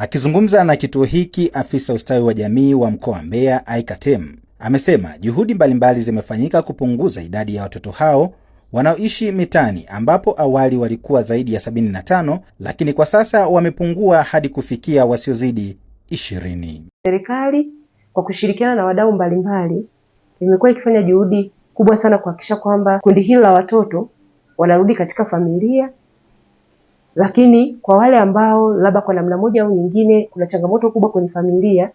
Akizungumza na kituo hiki, afisa ustawi wa jamii wa mkoa wa Mbeya, Aika amesema juhudi mbalimbali zimefanyika kupunguza idadi ya watoto hao wanaoishi mitaani ambapo awali walikuwa zaidi ya 75 lakini kwa sasa wamepungua hadi kufikia wasiozidi 20. Serikali kwa kushirikiana na wadau mbalimbali imekuwa ikifanya juhudi kubwa sana kuhakikisha kwamba kundi hili la watoto wanarudi katika familia lakini kwa wale ambao labda kwa namna moja au nyingine kuna changamoto kubwa kwenye familia,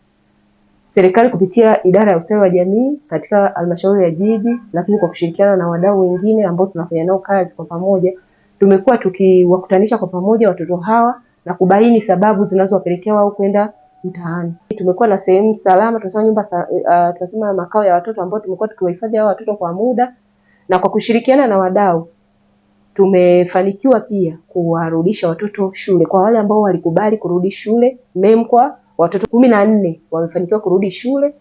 serikali kupitia idara ya ustawi wa jamii katika halmashauri ya jiji, lakini kwa kushirikiana na wadau wengine ambao tunafanya nao kazi kwa pamoja, tumekuwa tukiwakutanisha kwa pamoja watoto hawa na kubaini sababu zinazowapelekea wao kwenda mtaani. Tumekuwa na sehemu salama, tunasema nyumba uh, tunasema makao ya watoto ambao tumekuwa tukiwahifadhi hao watoto kwa muda na kwa kushirikiana na wadau Tumefanikiwa pia kuwarudisha watoto shule. Kwa wale ambao walikubali kurudi shule MEMKWA, watoto kumi na nne wamefanikiwa kurudi shule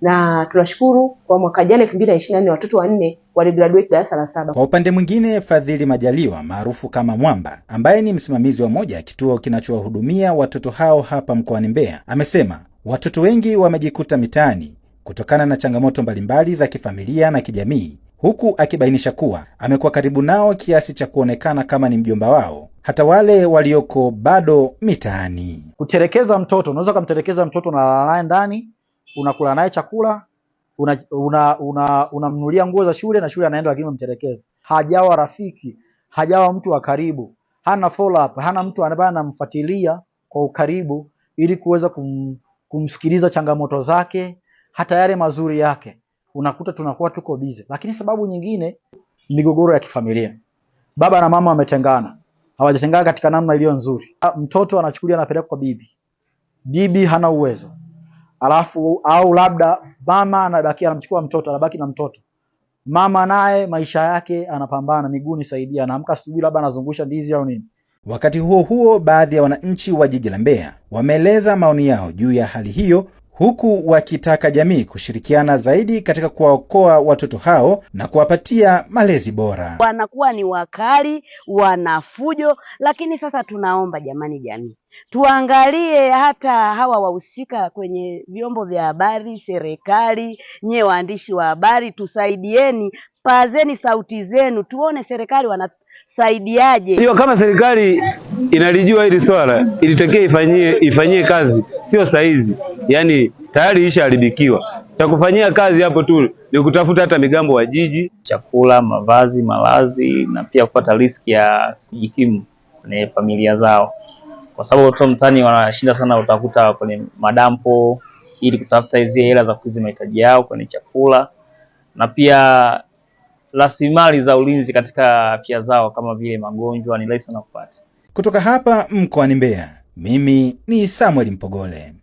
na tunashukuru kwa mwaka jana 2024 watoto wanne waligraduate darasa la saba. Kwa upande mwingine, Fadhili Majaliwa maarufu kama Mwamba, ambaye ni msimamizi wa moja ya kituo kinachowahudumia watoto hao hapa mkoani Mbeya, amesema watoto wengi wamejikuta mitaani kutokana na changamoto mbalimbali za kifamilia na kijamii, huku akibainisha kuwa amekuwa karibu nao kiasi cha kuonekana kama ni mjomba wao, hata wale walioko bado mitaani. kuterekeza mtoto, unaweza ukamterekeza mtoto, unalala naye ndani, unakula naye chakula, unamnulia una, una, una nguo za shule na shule anaenda, lakini umemtelekeza. Hajawa rafiki, hajawa mtu wa karibu, hana follow up, hana mtu ambaye anamfuatilia kwa ukaribu ili kuweza kum, kumsikiliza changamoto zake, hata yale mazuri yake unakuta tunakuwa tuko bize. Lakini sababu nyingine, migogoro ya kifamilia, baba na mama wametengana, hawajatengana katika namna iliyo nzuri. Ah, mtoto anachukulia anapelekwa kwa bibi, bibi hana uwezo, alafu au labda mama anabaki anamchukua mtoto, anabaki na mtoto mama naye maisha yake anapambana, miguu nisaidia, anaamka asubuhi labda anazungusha ndizi au nini. Wakati huo huo, baadhi ya wananchi wa jiji la Mbeya wameeleza maoni yao juu ya hali hiyo, huku wakitaka jamii kushirikiana zaidi katika kuwaokoa watoto hao na kuwapatia malezi bora. Wanakuwa ni wakali, wanafujo, lakini sasa tunaomba jamani, jamii tuangalie hata hawa wahusika kwenye vyombo vya habari, serikali, nyie waandishi wa habari, tusaidieni, pazeni sauti zenu, tuone serikali wanasaidiaje. Ndio, kama serikali inalijua hili swala, ilitakiwa ifanyie ifanyie kazi, sio sahizi yani tayari ishaharibikiwa. Cha kufanyia kazi hapo tu ni kutafuta hata migambo wa jiji, chakula, mavazi, malazi na pia kupata riski ya kujikimu kwenye familia zao, kwa sababu watoto mtaani wanashinda sana, utakuta kwenye madampo ili kutafuta hizi hela za kuizi mahitaji yao kwenye chakula na pia rasilimali za ulinzi katika afya zao kama vile magonjwa ni rahisi sana kupata. Kutoka hapa mkoani Mbeya, mimi ni Samuel Mpogole.